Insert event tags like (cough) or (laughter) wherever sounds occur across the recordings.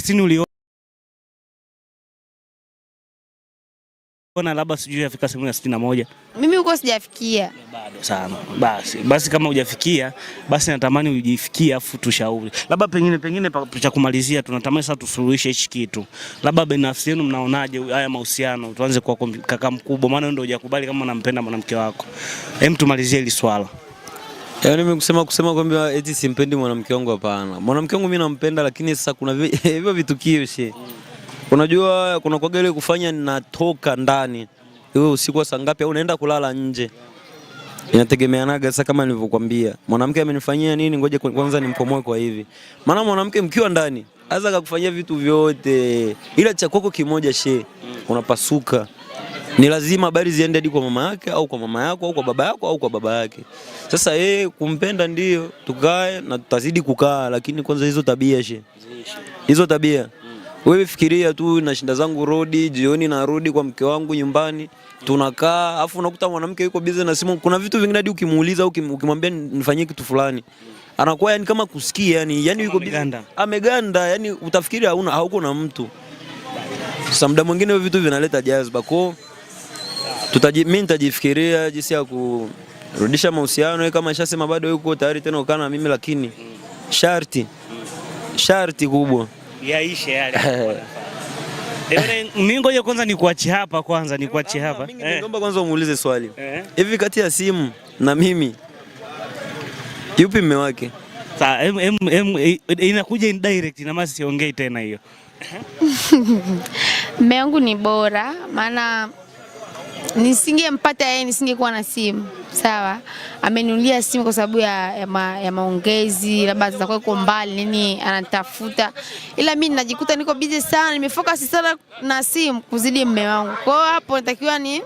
sini uliona labda sijui afika sehemu ya sitini na moja? Mimi huko sijafikia bado sana. Basi basi, kama hujafikia basi natamani ujifikie, afu tushauri labda pengine pengine cha kumalizia, tunatamani sasa tusuluhishe hichi kitu, labda binafsi yenu mnaonaje haya mahusiano? Tuanze kwa kaka mkubwa, maana ndio hujakubali kama unampenda mwanamke wako. Hem, tumalizie hili swala. Yaani mimi kusema kusema kwamba eti simpendi mwanamke wangu hapana. Mwanamke wangu mimi nampenda lakini sasa kuna (laughs) hivyo vitukio she. Unajua kuna kwa gari kufanya natoka ndani. Iwe usiku saa ngapi au naenda kulala nje. Inategemeanaga sasa kama nilivyokuambia. Mwanamke amenifanyia nini ngoja kwanza nimkomoe kwa hivi. Maana mwanamke mkiwa ndani, aza akakufanyia vitu vyote. Ila cha kwako kimoja she. Unapasuka ni lazima habari ziende hadi kwa mama yake au kwa mama yako au kwa baba yako au kwa baba yake. Sasa yeye kumpenda, ndio tukae na tutazidi kukaa, lakini kwanza hizo tabia she, hizo tabia mm. Wewe fikiria tu, na shinda zangu rodi jioni, narudi kwa mke wangu nyumbani, tunakaa afu unakuta mwanamke yuko busy na simu. Kuna vitu vingine hadi ukimuuliza au ukimwambia nifanyie kitu fulani anakuwa yani kama kusikia yani, yani yuko busy Ameganda yani utafikiri hauna hauko na mtu. Sasa muda mwingine vitu vinaleta jazba kwao mimi nitajifikiria jinsi ya kurudisha mahusiano. Kama ishasema bado yuko tayari tena ukana na mimi, lakini sharti sharti kubwa yaishe yale. Mimi ngoja kwanza nikuache hapa kwanza, nikuache hapa. Ningeomba eh. kwanza umuulize swali eh. hivi, kati ya simu na mimi yupi mume wake? Sawa, e, e, inakuja in direct na masi siongei tena hiyo. (laughs) mume wangu ni bora maana nisingempata yeye nisingekuwa na simu. Sawa, ameniulia simu kwa sababu ya, ya, ma, ya maongezi, labda atakuwa yuko mbali nini anatafuta, ila mimi najikuta niko busy sana, nimefocus sana na simu kuzidi mume wangu. Kwa hiyo hapo natakiwa ni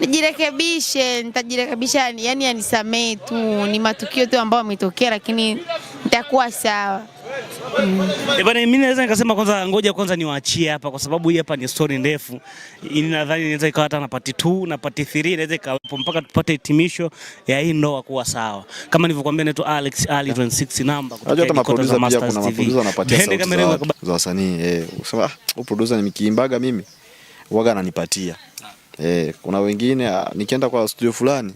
nijirekebishe, nitajirekebisha, yani anisamee tu, ni matukio tu ambayo ametokea lakini nitakuwa sawa. Mm. Ebana, eh, mimi naweza nikasema kwanza, ngoja kwanza niwaachie hapa, kwa sababu hii hapa ni story ndefu. Nadhani inaweza ikawa hata na part 2 na part 3 inaweza ikawapo mpaka tupate hitimisho ya hii ndoa kuwa sawa. Kama nilivyokuambia, naitwa Alex Ali 26 namba kutoka Kota Masters TV. Ndio kamera za wasanii eh, usema ah, producer nimekiimbaga mimi waga ananipatia eh, kuna wengine ah, nikienda kwa studio fulani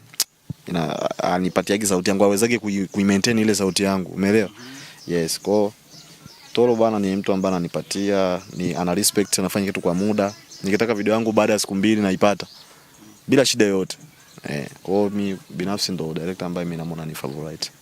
anipatiagi sauti yangu, awezage kuimaintain ile sauti yangu, umeelewa? Mm -hmm. Yes, ko Toro bwana ni mtu ambaye ananipatia, ni ana respect, anafanya kitu kwa muda. Nikitaka video yangu baada ya siku mbili naipata bila shida yoyote. Eh, kwa mimi binafsi ndo director ambaye mimi namuona ni favorite.